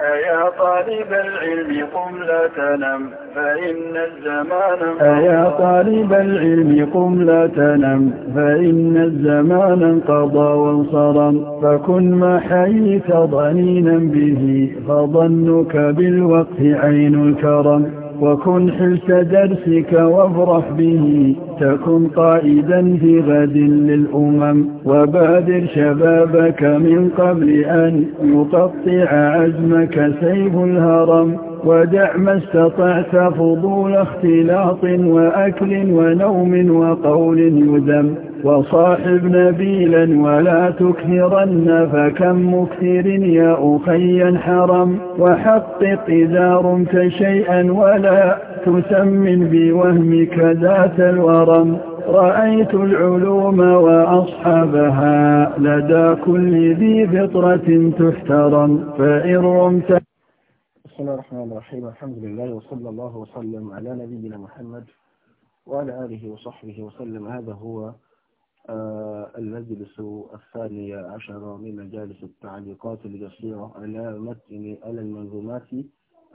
أيا طالب العلم قم لا تنم فإن الزمان أيا طالب العلم قم لا تنم فإن الزمان انقضى وانصرم فكن ما حييت ضنينا به فظنك بالوقت عين الكرم وكن حلس درسك وافرح به تكن قائدا في غد للأمم وبادر شبابك من قبل أن يقطع عزمك سيف الهرم ودع ما استطعت فضول اختلاط وأكل ونوم وقول يذم وصاحب نبيلا ولا تكثرن فكم مكثر يا أخي حرم وحقق إذا رمت شيئا ولا تسمن بوهمك ذات الورم رأيت العلوم وأصحابها لدى كل ذي فطرة تحترم فإن رمت بسم الله الرحمن الرحيم الحمد لله وصلى الله وسلم على نبينا محمد وعلى آله وصحبه وسلم هذا هو آه، المجلس الثاني عشر من مجالس التعليقات القصيرة على متن على المنظومات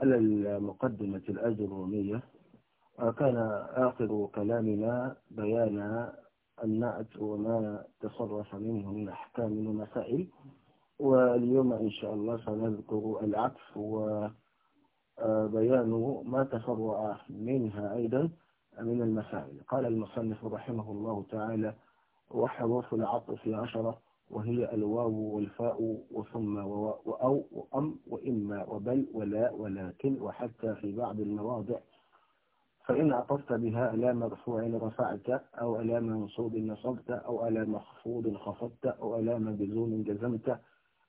على المقدمة الأجرومية آه، كان آخر كلامنا بيان النعت وما تصرف منه من أحكام ومسائل واليوم إن شاء الله سنذكر العطف وبيان آه، ما تفرع منها أيضا من المسائل قال المصنف رحمه الله تعالى وحروف العطف عشرة وهي الواو والفاء وثم وأو وأم وإما وبل ولا ولكن وحتى في بعض المواضع فإن عطفت بها لا مرفوع رفعت أو لا منصوب نصبت أو لا مخفوض خفضت أو لا مجزوم جزمت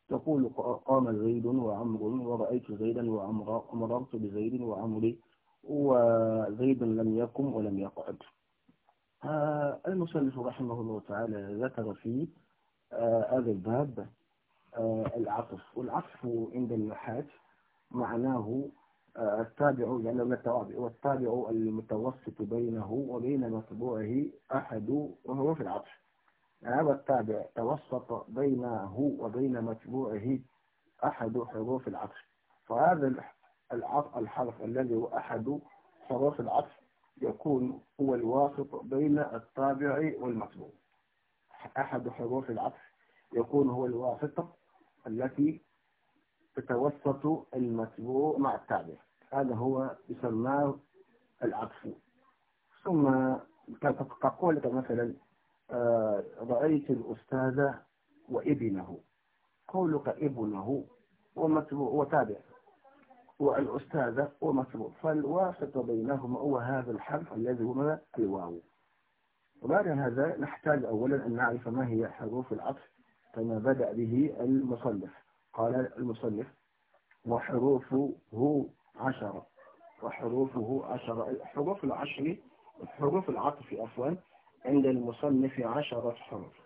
تقول قام زيد وعمر ورأيت زيدا وعمر ومررت بزيد وعمري وزيد لم يقم ولم يقعد آه، المصنف رحمه الله تعالى ذكر في آه، هذا الباب آه، العطف والعطف عند النحاة معناه التابع يعني لأنه من التوابع والتابع المتوسط بينه وبين مطبوعه أحد وهو في العطف هذا التابع توسط بينه وبين مطبوعه أحد حروف العطف فهذا الحرف الذي هو أحد حروف العطف يكون هو الواسط بين الطابع والمطبوع أحد حروف العطف يكون هو الواسطة التي تتوسط المتبوع مع التابع هذا هو يسماه العطف ثم تقول مثلا آه، رأيت الأستاذ وابنه قولك ابنه ومتبوع وتابع والأستاذة ومطلوب فالواسط بينهما هو هذا الحرف الذي هو الواو وبعد هذا نحتاج أولا أن نعرف ما هي حروف العطف كما بدأ به المصنف قال المصنف وحروفه عشرة وحروفه عشرة حروف العشر حروف العطف عفوا عند المصنف عشرة حروف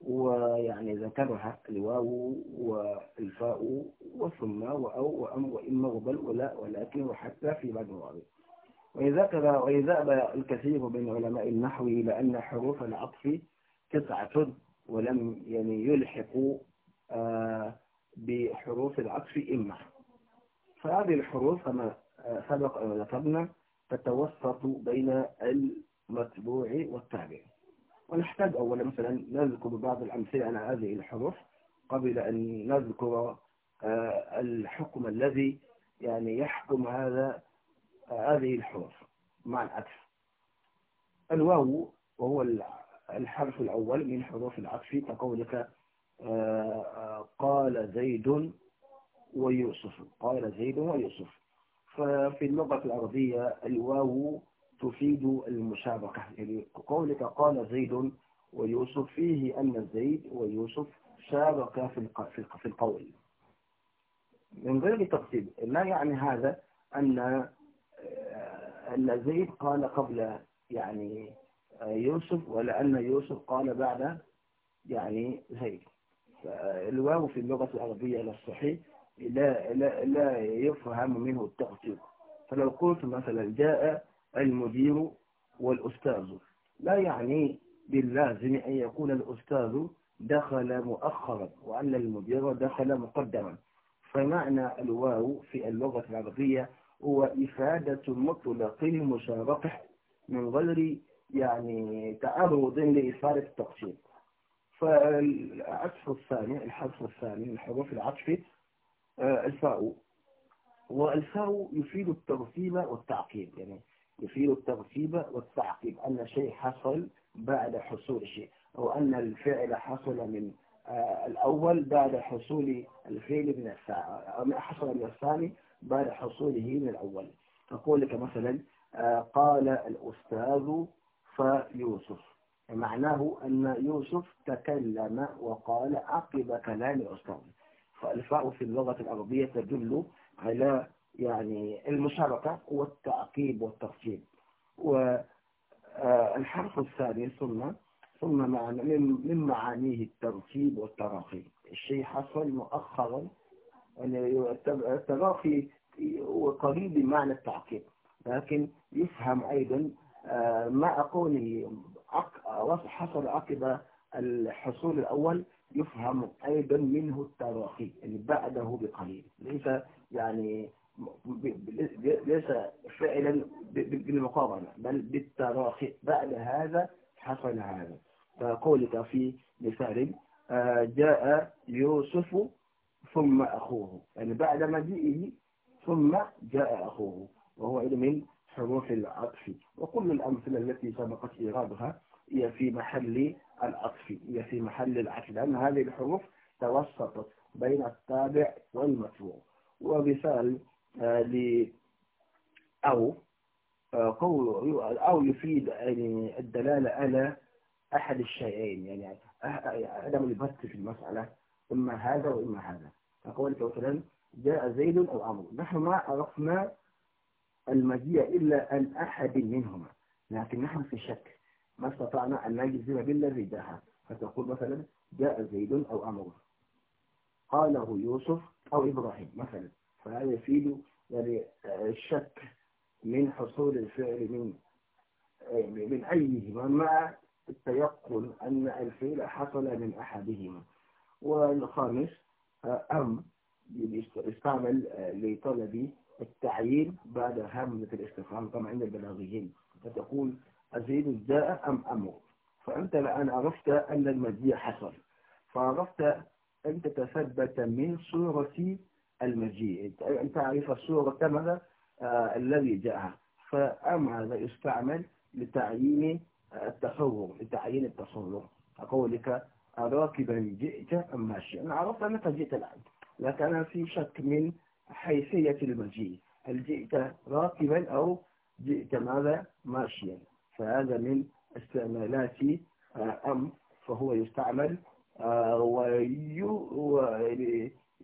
ويعني ذكرها الواو والفاء وثم وأو وأم وإما وبل ولا ولكن وحتى في بعض الرابع ويذكر ويذهب الكثير من علماء النحو إلى أن حروف العطف تسعة ولم يعني يلحقوا آه، بحروف العطف إما فهذه الحروف كما آه، سبق أن ذكرنا تتوسط بين المتبوع والتابع ونحتاج أولا مثلا نذكر بعض الأمثلة على هذه الحروف قبل أن نذكر آه، الحكم الذي يعني يحكم هذا آه، هذه الحروف مع العطف الواو وهو الحرف الأول من حروف العطف كقولك آه، قال زيد ويوسف قال زيد ويوسف ففي اللغة العربية الواو تفيد المشابقة يعني قولك قال زيد ويوسف فيه أن زيد ويوسف شابك في في القول من غير تقصيد لا يعني هذا أن آه، أن زيد قال قبل يعني يوسف ولا أن يوسف قال بعد يعني زيد الواو في اللغة العربية للصحيح لا, لا, لا يفهم منه التقصيد فلو قلت مثلا جاء المدير والأستاذ لا يعني باللازم أن يكون الأستاذ دخل مؤخرا وأن المدير دخل مقدما فمعنى الواو في اللغة العربية هو إفادة مطلق المشاركة من غير يعني تعرض لإثارة التقصير فالعطف الثاني الحرف الثاني من حروف العطف آه، الفاء والفاء يفيد الترتيب والتعقيد يعني يفيد التغصيب والتعقيب أن شيء حصل بعد حصول شيء أو أن الفعل حصل من آه، الأول بعد حصول الفعل من الثاني أو حصل من الثاني بعد حصوله من الأول تقول لك مثلا آه، قال الأستاذ فيوسف معناه أن يوسف تكلم وقال عقب كلام الأستاذ فالفاء في اللغة العربية تدل على يعني المشاركة والتعقيب والترتيب والحرف آه، الثاني ثم ثم معنى من معانيه الترتيب والتراخي الشيء حصل مؤخرا يعني التراخي قريب معنى التعقيب لكن يفهم أيضا آه، مع قوله حصل عقب الحصول الأول يفهم أيضا منه التراخي اللي يعني بعده بقليل ليس يعني ليس فعلا بالمقابلة بل بالتراخي بعد هذا حصل هذا فقولك في مثال آه، جاء يوسف ثم أخوه يعني بعد مجيئه ثم جاء أخوه وهو من حروف العطف وكل الأمثلة التي سبقت إيرادها هي في محل العطف هي في محل العطف لأن هذه الحروف توسطت بين التابع والمتبوع ومثال أو قول أو يفيد يعني الدلالة على أحد الشيئين يعني عدم البث في المسألة إما هذا وإما هذا فقولك مثلا جاء زيد أو عمرو نحن ما عرفنا المجيء إلا عن أحد منهما لكن نحن في شك ما استطعنا أن نجزم بالذي جاء فتقول مثلا جاء زيد أو عمرو قاله يوسف أو إبراهيم مثلا فهذا يفيد يعني الشك آه، من حصول الفعل من آه، من أيهما مع التيقن أن الفعل حصل من أحدهما والخامس أم آه، يستعمل لطلب التعيين بعد همزة الاستفهام طبعا عند البلاغيين فتقول أزيد الداء أم أمر فأنت الآن عرفت أن المجيء حصل فعرفت أن تتثبت من صورة المجيء أن تعرف الصورة ماذا آه، الذي جاء فأم هذا يستعمل لتعيين التصور لتعيين التصور كقولك أراكبا جئت أم ماشيا أنا عرفت أنك جئت الآن لكن أنا في شك من حيثية المجيء هل جئت راكبا أو جئت ماذا ماشيا فهذا من استعمالات آه، أم فهو يستعمل آه،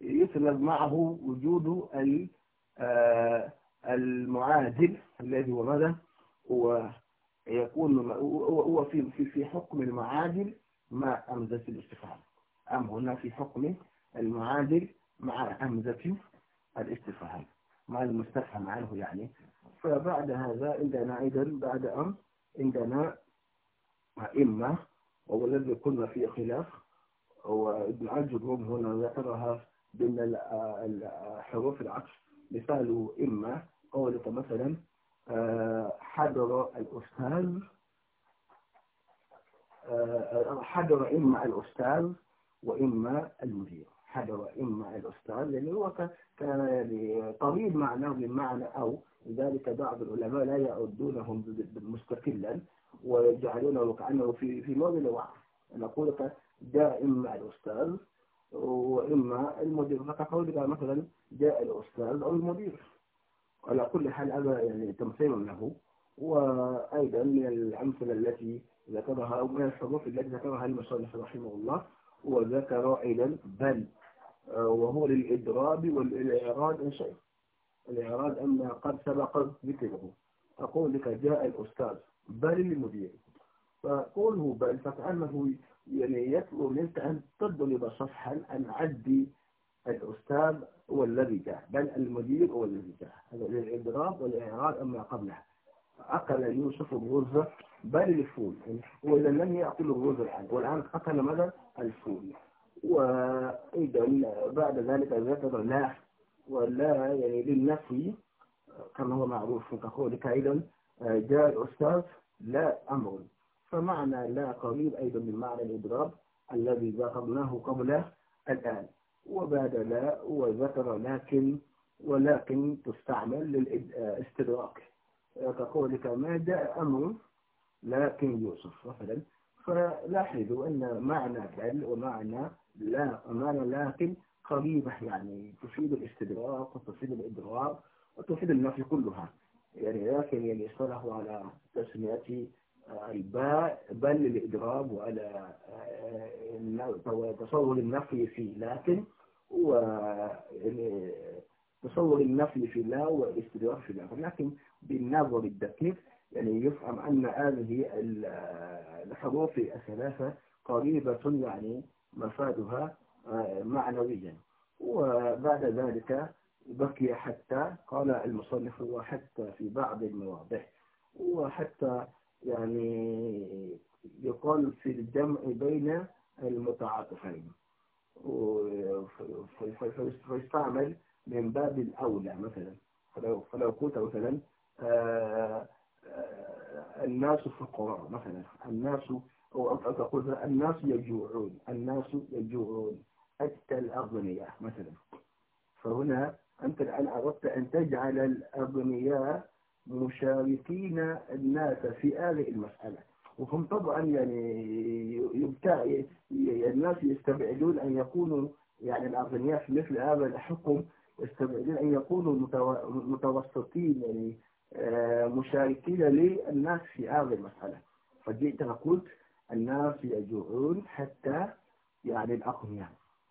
يسلب معه وجود آه، المعادل الذي هو ماذا هو يكون هو في في في حكم المعادل مع أمزة الاستفهام أم هنا في حكم المعادل مع أمزة الاستفهام مع المستفهم عنه يعني فبعد هذا عندنا أيضا بعد أم عندنا إما وهو الذي كنا فيه خلاف وابن عجل هنا ذكرها بين حروف العطف مثاله إما قولك مثلا آه، حضر الأستاذ آه، حضر إما الأستاذ وإما المدير حضر إما الأستاذ لأنه يعني هو كان يعني طويل معناه بالمعنى أو لذلك بعض العلماء لا يعدونهم مستقلا ويجعلونه كأنه في في موضع واحد نقول جاء إما الأستاذ وإما المدير فكقولك مثلا جاء الأستاذ أو المدير على كل حال هذا يعني تمثيل له وأيضا من الأمثلة التي ذكرها أو من الحروف التي ذكرها المصنف رحمه الله وذكر أيضا بل وهو للإضراب والإعراض إن شيء الإعراض أما قد سبق ذكره أقول لك جاء الأستاذ بل المدير فقوله بل فكأنه يعني يطلب منك أن تضرب صفحا أن عدي الأستاذ والذي جاء بل المدير هو الذي جاء هذا للإضراب والإعراض أما قبلها أقل يوسف الغرزة بل الفول وإذا لم يأكل الغرزة الآن والآن اكل ماذا الفول وإذا بعد ذلك ذكر لا ولا يعني للنفي كما هو معروف كقولك أيضا جاء الأستاذ لا أمر فمعنى لا قريب أيضا من معنى الإضراب الذي ذكرناه قبل الآن وبعد لا وذكر لكن ولكن تستعمل للاستدراك كقولك ما جاء أمر لكن يوسف مثلا فلاحظوا أن معنى بل ومعنى لا ومعنى لكن قريبة يعني تفيد الاستدراك وتفيد الإدراك وتفيد النفي كلها يعني لكن يعني اصطلحوا على تسمية الباء بل للإضراب وعلى آه، آه، آه، تصور النفي في لكن و تصور النفي في لا والاستدراك في لا لكن بالنظر الدقيق يعني يفهم أن هذه الحروف الثلاثة قريبة يعني مفادها معنويا وبعد ذلك بقي حتى قال المصنف وحتى في بعض المواضع وحتى يعني يقال في الجمع بين المتعاطفين فيستعمل من باب الأولى مثلا فلو, فلو قلت مثلا آآ آه، آآ آه، الناس فقراء مثلا الناس أو تقول الناس يجوعون الناس يجوعون أتى الأغنياء مثلا فهنا أنت الآن أردت أن تجعل الأغنياء مشاركين الناس في هذه المسألة وهم طبعا يعني الناس يستبعدون أن يكونوا يعني الأغنياء في مثل هذا الحكم يستبعدون أن يكونوا متوسطين يعني آه، مشاركين للناس في هذه المسألة فجئت فقلت الناس يجوعون حتى يعني الأغنياء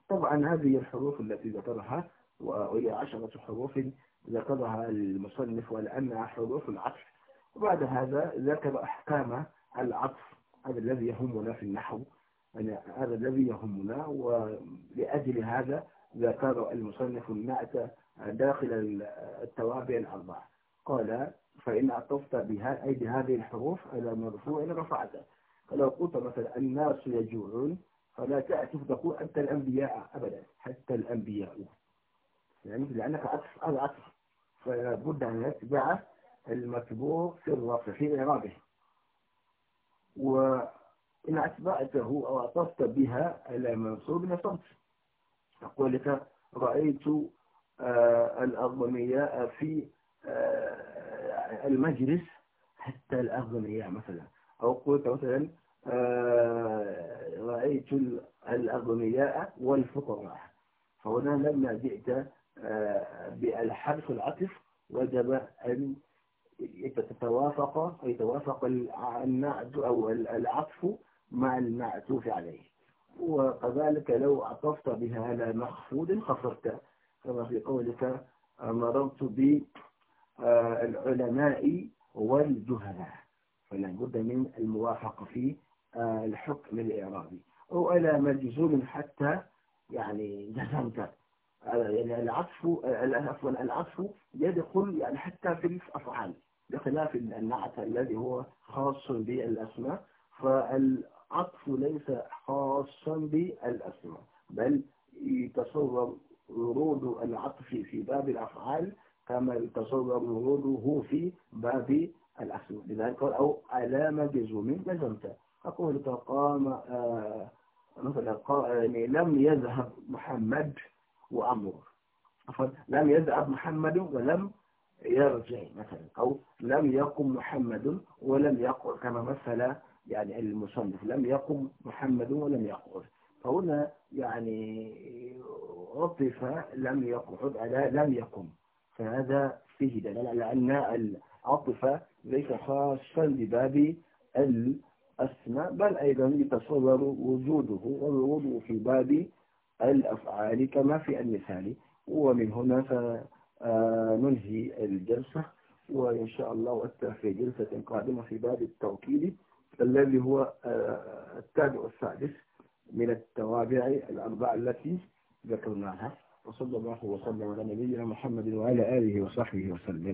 طبعا هذه الحروف التي ذكرها وهي عشرة حروف ذكرها المصنف ولأنها حروف العطف وبعد هذا ذكر أحكام العطف هذا الذي يهمنا في النحو يعني هذا الذي يهمنا ولأجل هذا ذكر المصنف النعت داخل التوابع الأربعة قال فإن عطفت بها أي بهذه الحروف على مرفوع رفعته فلو قلت مثلا الناس يجوعون فلا تعتف تقول أنت الأنبياء أبدا حتى الأنبياء يعني لأنك عطف هذا عطف فلابد أن يتبع المتبوع في الواقع في إراده وإن أتبعته أو عطفت بها على منصوب نصبت أقول لك رأيت آه، الأغنياء في آه، المجلس حتى الأغنياء مثلا أو قلت مثلا آه، رأيت الأغنياء والفقراء فهنا لما جئت بالحبس العطف وجب أن تتوافق يتوافق النعت أو العطف مع المعتوف عليه وكذلك لو عطفت بها على مخفوض خفرت كما في قولك مررت بالعلماء والجهلاء فلا بد من الموافقة في الحكم الإعرابي أو على مجزوم حتى يعني جزمت يعني العطف عفوا العطف يدخل يعني حتى في الأفعال بخلاف النعت الذي هو خاص بالأسماء فالعطف ليس خاصا بالأسماء بل يتصور ورود العطف في باب الأفعال كما يتصور وروده في باب الأسماء لذلك أو علامة جزوم لزمت أقول قام آه، مثلا يعني لم يذهب محمد وأمر لم يذهب محمد ولم يرجع مثلا أو لم يقم محمد ولم يقعد كما مثل يعني المصنف لم يقم محمد ولم يقعد فهنا يعني عطف لم يقعد على لم يقم فهذا فيه دلالة على أن العطف ليس خاصا بباب الأسماء بل أيضا يتصور وجوده والوضوء في باب الأفعال كما في المثال ومن هنا فننهي الجلسة وإن شاء الله في جلسة قادمة في باب التوكيد الذي هو آه، التابع السادس من التوابع الأربعة التي ذكرناها وصلى الله وسلم على نبينا محمد وعلى آله وصحبه وسلم